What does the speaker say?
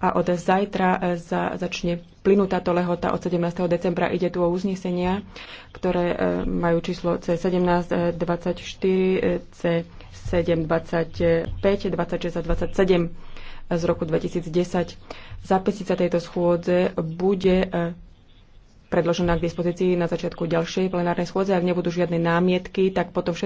a od zajtra e, za, začne plynúť táto lehota od 17. decembra. Ide tu o uznesenia, ktoré e, majú číslo C17, 24, C7, 25, 26 a 27 z roku 2010. Zápisnica tejto schôdze bude e, predložená k dispozícii na začiatku ďalšej plenárnej schôdze. Ak nebudú žiadne námietky, tak potom